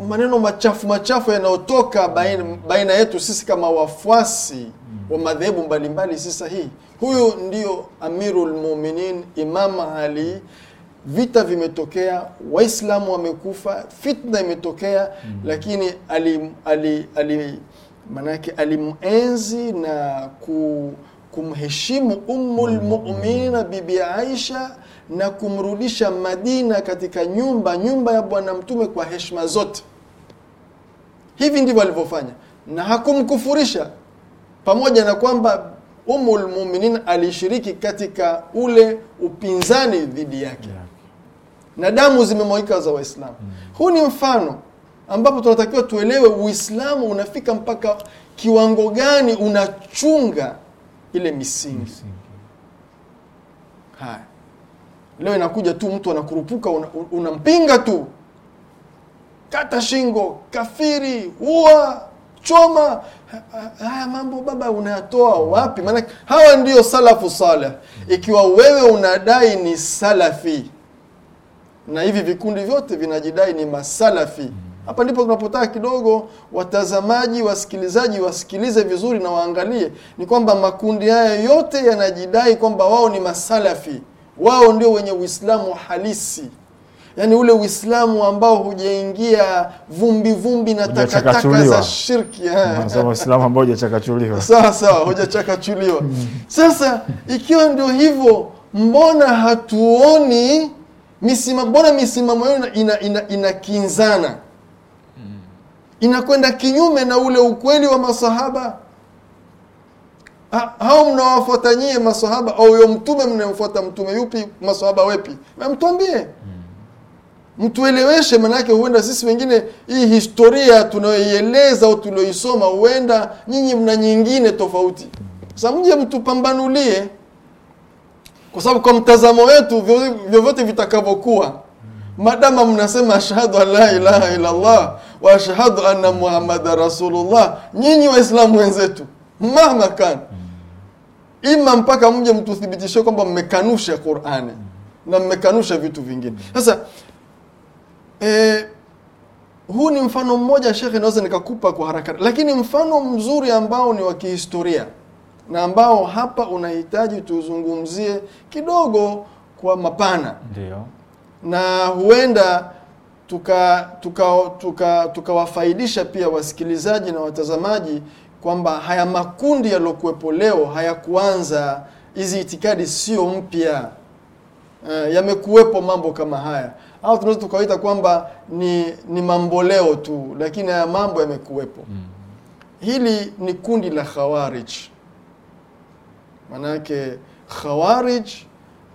B: mm. maneno machafu machafu yanayotoka baina, baina yetu sisi kama wafuasi mm. wa madhehebu mbalimbali si sahihi. Huyu ndio amirulmuminin Muminin Imam Ali vita vimetokea, Waislamu wamekufa, fitna imetokea mm. Lakini ali, ali, ali, manake alimenzi na ku, kumheshimu Ummul Muminina Bibi Aisha na kumrudisha Madina katika nyumba nyumba ya Bwana Mtume kwa heshima zote. Hivi ndivyo alivyofanya na hakumkufurisha, pamoja na kwamba ummulmuminin alishiriki katika ule upinzani dhidi yake yeah na damu zimemwagika za Waislamu. mm. Huu ni mfano ambapo tunatakiwa tuelewe Uislamu unafika mpaka kiwango gani unachunga ile misingi, misingi. Haya, leo inakuja tu mtu anakurupuka, unampinga una tu, kata shingo, kafiri, ua, choma. Haya mambo baba unayatoa wapi? Maanake hawa ndio salafu saleh. Mm. Ikiwa wewe unadai ni salafi na hivi vikundi vyote vinajidai ni masalafi. Hapa ndipo tunapotaka kidogo watazamaji, wasikilizaji wasikilize vizuri na waangalie, ni kwamba makundi haya yote yanajidai kwamba wao ni masalafi, wao ndio wenye Uislamu halisi, yaani ule Uislamu ambao hujaingia vumbi vumbi na takataka za shirki, eh.
A: Uislamu ambao hujachakachuliwa. Sawa sawa,
B: hujachakachuliwa. Sasa ikiwa ndio hivyo, mbona hatuoni misima bora, misimamo yao ina, ina, inakinzana mm. inakwenda kinyume na ule ukweli wa masahaba ha, hao mnawafuata nyie masahaba au yo mtume mnamfuata mtume yupi? masahaba wepi? mtuambie mm. Mtueleweshe, maanaake huenda sisi wengine hii historia tunayoieleza au tulioisoma, huenda nyinyi mna nyingine tofauti. Sasa mje mtupambanulie kwa sababu kwa mtazamo wetu vyovyote vitakavyokuwa, madama mnasema ashhadu an la ilaha illa Allah wa ashhadu anna muhammada rasulullah, nyinyi waislamu wenzetu, mama kan, ima mpaka mje mtuthibitishie kwamba mmekanusha Qur'ani na mmekanusha vitu vingine. Sasa e, huu ni mfano mmoja shekhe, naweza nikakupa kwa haraka, lakini mfano mzuri ambao ni wa kihistoria na ambao hapa unahitaji tuzungumzie kidogo kwa mapana. Ndio. Na huenda tukawafaidisha tuka, tuka, tuka pia wasikilizaji na watazamaji kwamba haya makundi yaliyokuwepo leo hayakuanza, hizi itikadi sio mpya. Uh, yamekuwepo mambo kama haya au tunaweza tukawaita kwamba ni, ni mambo leo tu, lakini haya mambo yamekuwepo. mm. Hili ni kundi la Khawarij Maanake Khawarij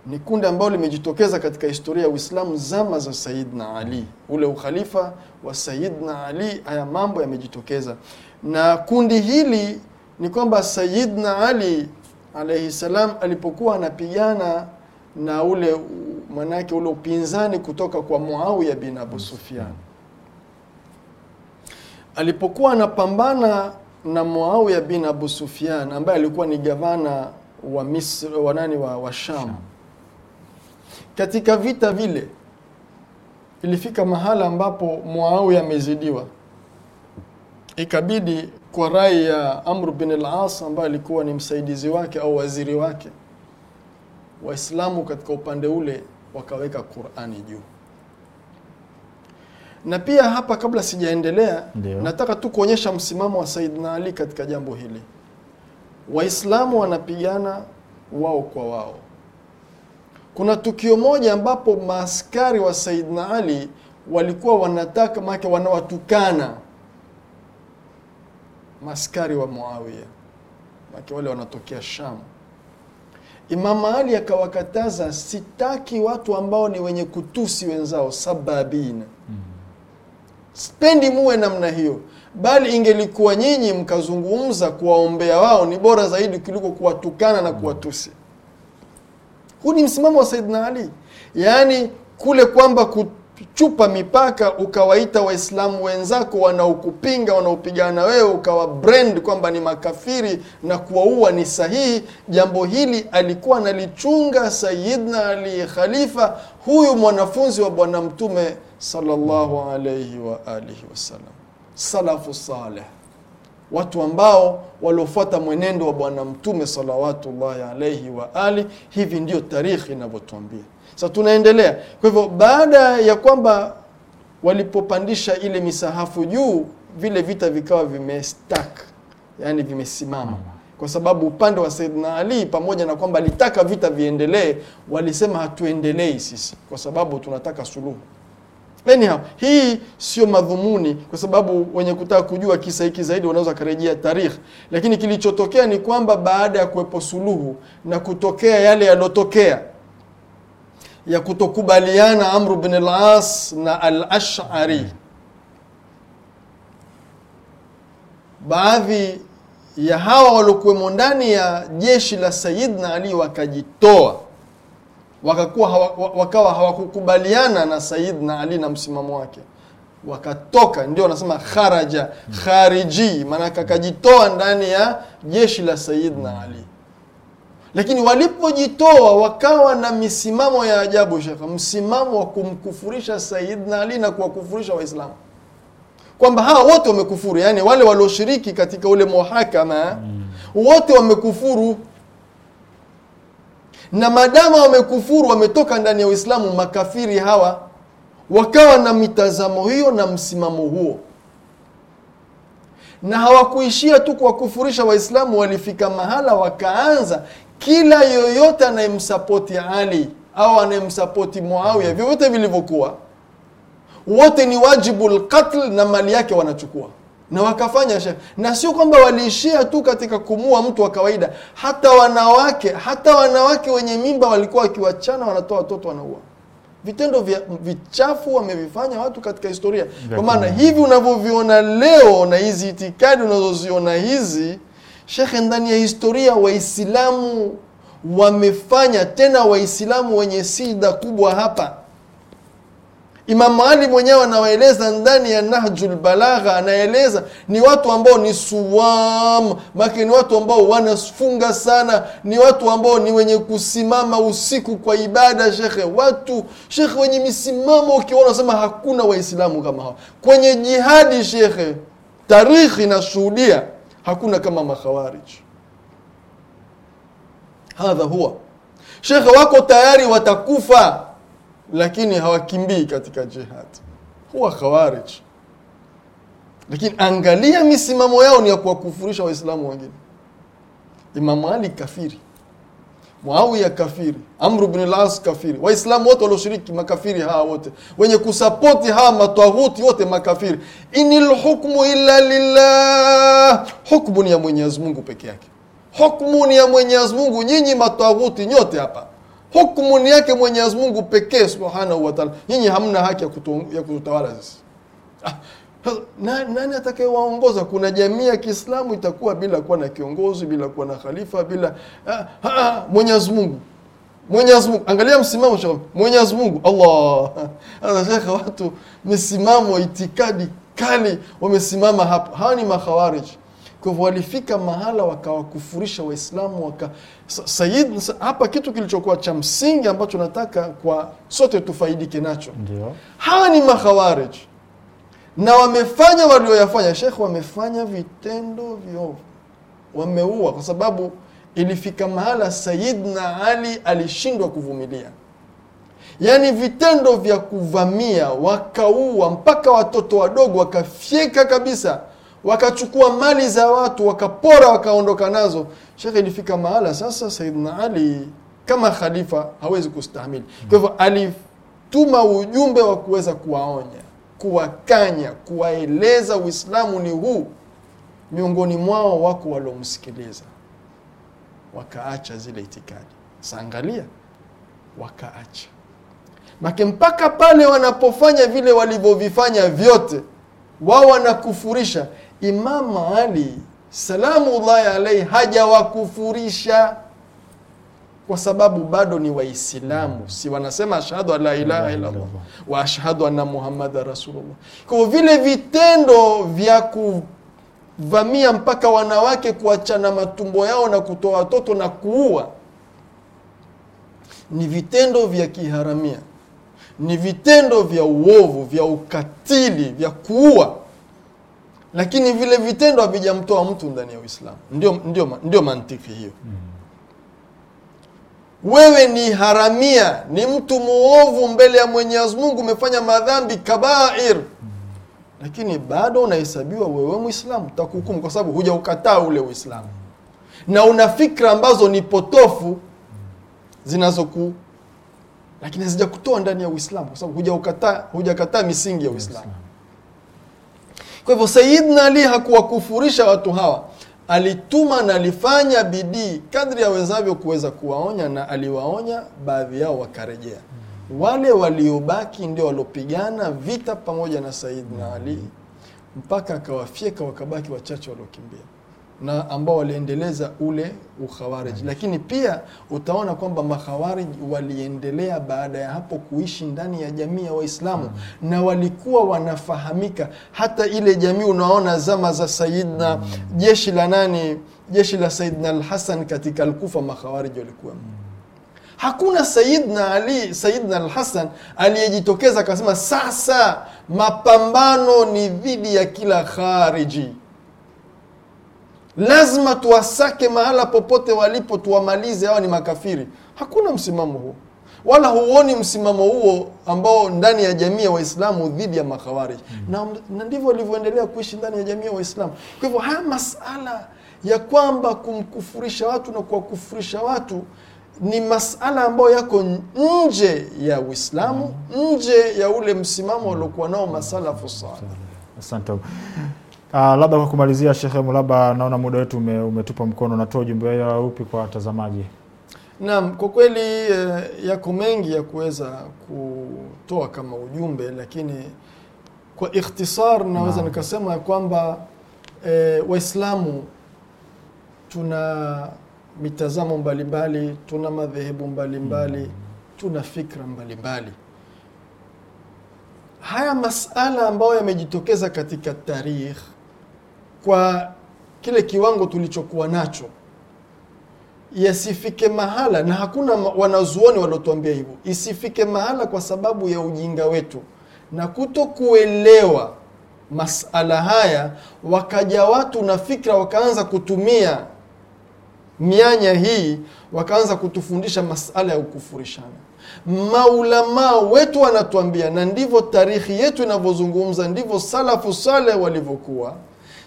B: ni kundi ambalo limejitokeza katika historia ya Uislamu zama za Sayyidina Ali, ule ukhalifa wa Sayyidina Ali, haya mambo yamejitokeza. Na kundi hili ni kwamba Sayyidina Ali alayhi salam alipokuwa anapigana na ule maanake ule upinzani kutoka kwa Muawiya bin Abu Sufyan, alipokuwa anapambana na Muawiya bin Abu Sufyan ambaye alikuwa ni gavana wa Misri, wa nani wa, wa Sham. Sham. Katika vita vile ilifika mahala ambapo Muawiya amezidiwa, ikabidi kwa rai ya Amr bin al-As ambaye alikuwa ni msaidizi wake au waziri wake, Waislamu katika upande ule wakaweka Qur'ani juu. Na pia hapa, kabla sijaendelea, nataka tu kuonyesha msimamo wa Saidna Ali katika jambo hili. Waislamu wanapigana wao kwa wao. Kuna tukio moja ambapo maaskari wa Saidna Ali walikuwa wanataka make, wanawatukana maaskari wa Muawiya make, wale wanatokea Sham. Imam Ali akawakataza, sitaki watu ambao ni wenye kutusi wenzao, sababina, mm. spendi muwe namna hiyo bali ingelikuwa nyinyi mkazungumza kuwaombea wao ni bora zaidi kuliko kuwatukana na kuwatusi. Huu ni msimamo wa Saidna Ali, yaani kule kwamba kuchupa mipaka, ukawaita Waislamu wenzako wanaokupinga, wanaopigana wewe, ukawa brand kwamba ni makafiri na kuwaua ni sahihi. Jambo hili alikuwa analichunga sayidna Ali, khalifa huyu mwanafunzi wa Bwana Mtume sallallahu alaihi waalihi wasalam salafu saleh, watu ambao waliofuata mwenendo wa Bwana Mtume salawatullahi alaihi wa ali. Hivi ndio tarikhi inavyotuambia. Sasa tunaendelea. Kwa hivyo, baada ya kwamba walipopandisha ile misahafu juu, vile vita vikawa vimestak, yani vimesimama kwa sababu upande wa Saidna Ali pamoja na kwamba alitaka vita viendelee, walisema hatuendelei sisi, kwa sababu tunataka suluhu. Anyhow, hii sio madhumuni kwa sababu wenye kutaka kujua kisa hiki zaidi wanaweza karejea tarikh, lakini kilichotokea ni kwamba baada ya kuwepo suluhu na kutokea yale yalotokea ya kutokubaliana Amru bin al-As na al-Ash'ari, baadhi ya hawa waliokuwemo ndani ya jeshi la Sayyidna Ali wakajitoa wakakuwa hawa, wakawa hawakukubaliana na Said na Ali na msimamo wake, wakatoka. Ndio wanasema kharaja khariji, maanake akajitoa ndani ya jeshi la Said na Ali. Lakini walipojitoa wakawa na misimamo ya ajabu, shekha, msimamo wa kumkufurisha Said na Ali na kuwakufurisha Waislamu kwamba hawa wote wamekufuru, yani wale walioshiriki katika ule muhakama mm. wote wamekufuru na madama wamekufuru, wametoka ndani ya Uislamu, makafiri hawa wakawa na mitazamo hiyo na msimamo huo, na hawakuishia tu kuwakufurisha Waislamu, walifika mahala wakaanza kila yoyote anayemsapoti Ali au anayemsapoti muawia vyovyote vilivyokuwa, wote ni wajibu lqatl na mali yake wanachukua na wakafanya shekh, na sio kwamba waliishia tu katika kumua mtu wa kawaida, hata wanawake hata wanawake wenye mimba walikuwa wakiwachana, wanatoa watoto, wanaua. Vitendo vya vichafu wamevifanya watu katika historia. Kwa maana hivi unavyoviona leo na hizi itikadi unazoziona hizi, shekhe, ndani ya historia Waislamu wamefanya, tena Waislamu wenye sida kubwa hapa Imam Ali mwenyewe anawaeleza ndani ya Nahjul Balagha, anaeleza ni watu ambao ni suwam, maana ni watu ambao wanafunga sana, ni watu ambao ni wenye kusimama usiku kwa ibada. Shekhe, watu shekhe wenye misimamo, ukiona unasema hakuna waislamu kama hawa kwenye jihadi. Shekhe, tarikhi inashuhudia hakuna kama makhawariji. Hadha huwa shekhe, wako tayari watakufa lakini hawakimbii katika jihad, huwa khawarij. Lakini angalia misimamo yao ni ya kuwakufurisha Waislamu wengine. Imamu Ali kafiri, Muawiya kafiri, Amru bnlas kafiri, Waislamu wote walioshiriki makafiri hawa wote, wenye kusapoti hawa matwahuti wote makafiri. ini lhukmu illa lillah, hukmu ni ya Mwenyezi Mungu peke yake, hukmu ni ya Mwenyezi Mungu. Nyinyi matwahuti nyote hapa hukmu ni yake Mwenyezi Mungu pekee subhanahu wa taala. Nyinyi hamna haki ya kututawala sisi. Ah, na, nani atakayewaongoza? Kuna jamii ya Kiislamu itakuwa bila kuwa na kiongozi, bila kuwa na khalifa, bila ah, ah, ah Mwenyezi Mungu Mwenyezi Mungu, angalia msimamo Mwenyezi Mungu Allah anashaka watu misimamo, itikadi kali wamesimama hapo. Hawa ni makhawariji kwa hivyo walifika mahala wakawakufurisha Waislamu waka Said, hapa kitu kilichokuwa cha msingi ambacho nataka kwa sote tufaidike nacho, ndio hawa ni makhawarij na wamefanya walioyafanya, Sheikh, wamefanya vitendo viovu, wameua kwa sababu ilifika mahala Sayidna Ali alishindwa kuvumilia, yaani vitendo vya kuvamia, wakaua mpaka watoto wadogo wakafyeka kabisa wakachukua mali za watu wakapora, wakaondoka nazo. Shekhe, ilifika mahala sasa Saidna Ali kama khalifa hawezi mm-hmm. Kwa hivyo alituma ujumbe wa kuweza kuwaonya, kuwakanya, kuwaeleza Uislamu ni huu. Miongoni mwao wako waliomsikiliza wakaacha zile itikadi. Saangalia, wakaacha make mpaka pale wanapofanya vile walivyovifanya vyote, wao wanakufurisha Imam Ali salamullahi alaihi hajawakufurisha kwa sababu bado ni Waislamu, si wanasema ashhadu an la ilaha illallah wa ashhadu anna muhammadan rasulullah. Kwa vile vitendo vya kuvamia mpaka wanawake kuachana matumbo yao na kutoa watoto na kuua ni vitendo vya kiharamia, ni vitendo vya uovu, vya ukatili, vya kuua lakini vile vitendo havijamtoa mtu ndani ya Uislamu. Ndio, ndio, ndio mantiki hiyo. Hmm. Wewe ni haramia, ni mtu muovu mbele ya Mwenyezi Mungu, umefanya madhambi kabair, hmm. lakini bado unahesabiwa wewe mwislamu takuhukumu kwa sababu hujaukataa ule Uislamu na una fikra ambazo ni potofu hmm. zinazoku lakini hazijakutoa ndani ya Uislamu kwa sababu hujakataa huja misingi ya Uislamu. Kwa hivyo Sayyidina Ali hakuwakufurisha watu hawa, alituma na alifanya bidii kadri ya wezavyo kuweza kuwaonya, na aliwaonya baadhi yao wakarejea. Wale waliobaki ndio waliopigana vita pamoja na Sayyidina Ali mpaka akawafyeka, wakabaki wachache waliokimbia na ambao waliendeleza ule ukhawariji, lakini pia utaona kwamba makhawariji waliendelea baada ya hapo kuishi ndani ya jamii ya Waislamu mm. na walikuwa wanafahamika hata ile jamii, unaona zama za Sayidna mm. jeshi la nani, jeshi la Sayidna Alhasan hasan katika alkufa kufa walikuwa mm. Hakuna Sayidna Ali, Sayidna al-Hasan aliyejitokeza akasema sasa mapambano ni dhidi ya kila khariji lazima tuwasake mahala popote walipo, tuwamalize. Hawa ni makafiri. Hakuna msimamo huo, wala huoni msimamo huo ambao ndani ya jamii ya Waislamu dhidi ya makhawariji mm. Na ndivyo walivyoendelea kuishi ndani ya jamii ya Waislamu. Kwa hivyo haya masala ya kwamba kumkufurisha watu na kuwakufurisha watu ni masala ambayo yako nje ya Uislamu, hmm. nje ya ule msimamo waliokuwa nao masalafu
A: Asante. Uh, labda kwa kumalizia Shehemu, labda naona muda wetu ume, umetupa mkono, natoa ujumbe upi kwa watazamaji?
B: Naam, kwa kweli eh, yako mengi ya kuweza kutoa kama ujumbe, lakini kwa ikhtisar naweza nikasema ya kwamba eh, Waislamu tuna mitazamo mbalimbali, tuna madhehebu mbalimbali mbali, mm. tuna fikra mbalimbali mbali. Haya masala ambayo yamejitokeza katika tarikh kwa kile kiwango tulichokuwa nacho yasifike mahala, na hakuna wanazuoni waliotuambia hivyo, isifike mahala kwa sababu ya ujinga wetu na kutokuelewa masala haya, wakaja watu na fikra wakaanza kutumia mianya hii wakaanza kutufundisha masala ya ukufurishana. Maulamaa wetu wanatuambia, na ndivyo tarikhi yetu inavyozungumza, ndivyo salafu saleh walivyokuwa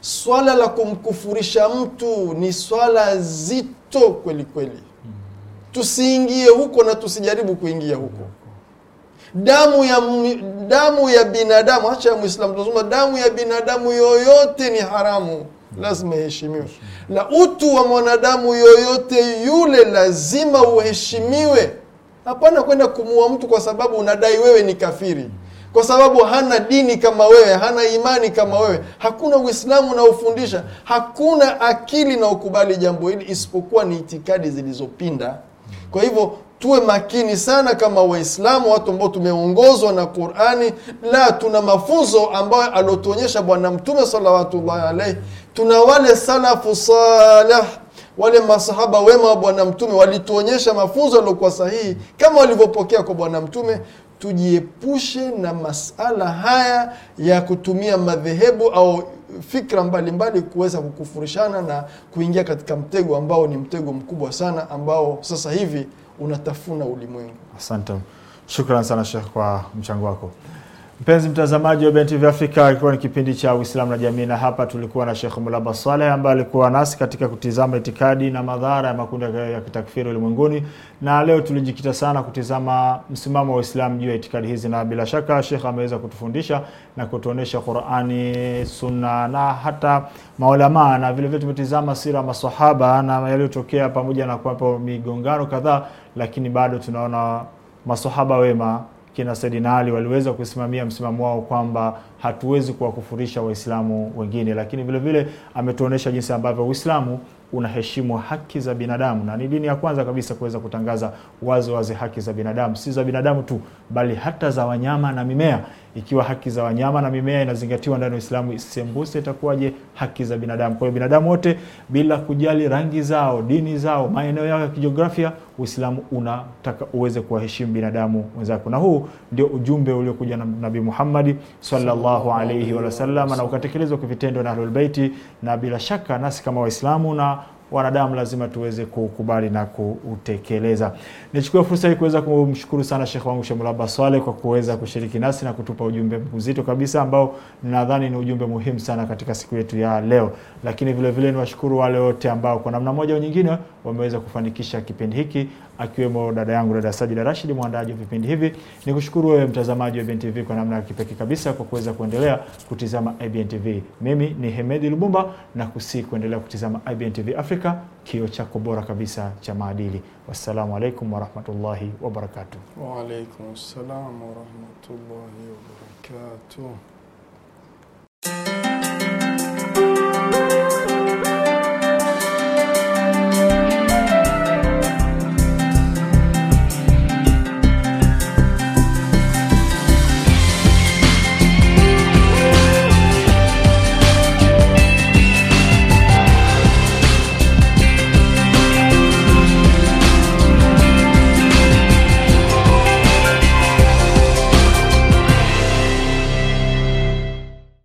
B: swala la kumkufurisha mtu ni swala zito kweli kweli. Tusiingie huko na tusijaribu kuingia huko. Damu ya damu ya binadamu, acha ya mwislam tunazungumza damu ya binadamu yoyote ni haramu, lazima iheshimiwe, na utu wa mwanadamu yoyote yule lazima uheshimiwe. Hapana kwenda kumuua mtu kwa sababu unadai wewe ni kafiri kwa sababu hana dini kama wewe, hana imani kama wewe, hakuna Uislamu unaofundisha, hakuna akili na ukubali jambo hili, isipokuwa ni itikadi zilizopinda. Kwa hivyo tuwe makini sana kama Waislamu, watu ambao tumeongozwa na Qurani. La, tuna mafunzo ambayo aliotuonyesha Bwana Mtume salawatullahi alaihi. Tuna wale salafu saleh wale masahaba wema wa Bwana Mtume walituonyesha mafunzo yaliokuwa sahihi kama walivyopokea kwa Bwana Mtume, tujiepushe na masala haya ya kutumia madhehebu au fikra mbalimbali kuweza kukufurishana na kuingia katika mtego ambao ni mtego mkubwa sana ambao sasa hivi unatafuna ulimwengu.
A: Asante, shukran sana Sheikh kwa mchango wako. Mpenzi mtazamaji wa BNTV Afrika, ikiwa ni kipindi cha Uislamu na jamii, na hapa tulikuwa na Sheikh Mulaba Saleh ambaye alikuwa nasi katika kutizama itikadi na madhara ya makundi ya kitakfiri ulimwenguni, na leo tulijikita sana kutizama msimamo wa Uislamu juu ya itikadi hizi, na bila shaka Sheikh ameweza kutufundisha na kutuonyesha Qur'ani, Sunna na hata maulamaa, na vilevile tumetizama sira masahaba na yaliyotokea, pamoja na kuwapo migongano kadhaa, lakini bado tunaona maswahaba wema kina Saidina Ali waliweza kusimamia msimamo wao kwamba hatuwezi kuwakufurisha Waislamu wengine, lakini vile vile ametuonesha jinsi ambavyo Uislamu unaheshimu haki za binadamu na ni dini ya kwanza kabisa kuweza kutangaza wazi wazi haki za binadamu, si za binadamu tu, bali hata za wanyama na mimea ikiwa haki za wanyama na mimea inazingatiwa ndani ya Uislamu, isembuse itakuwaje haki za binadamu? Kwa hiyo binadamu wote bila kujali rangi zao, dini zao, maeneo yao ya kijiografia, Uislamu unataka uweze kuwaheshimu binadamu wenzako, na huu ndio ujumbe uliokuja na Nabii Muhammad sallallahu alaihi sallam na ukatekelezwa kwa vitendo na Ahlulbeiti, na bila shaka nasi kama Waislamu na wanadamu lazima tuweze kukubali na kuutekeleza. Nichukue fursa hii kuweza kumshukuru sana Sheikh wangu Sheikh Mulaba Swale kwa kuweza kushiriki nasi na kutupa ujumbe mzito kabisa ambao nadhani ni ujumbe muhimu sana katika siku yetu ya leo, lakini vilevile niwashukuru wale wote ambao kwa namna moja au nyingine wameweza kufanikisha kipindi hiki akiwemo dada yangu dada Sajida Rashid, mwandaji wa vipindi hivi. Ni kushukuru wewe mtazamaji wa BNTV TV kwa namna ya kipekee kabisa kwa kuweza kuendelea kutizama ibntv Mimi ni Hemedi Lubumba na kusi kuendelea kutizama IBNTV afrika Africa, kio chako bora kabisa cha maadili. Wassalamu alaikum warahmatullahi wabarakatuh.
B: Wa warahmatullahi wabarakatuh.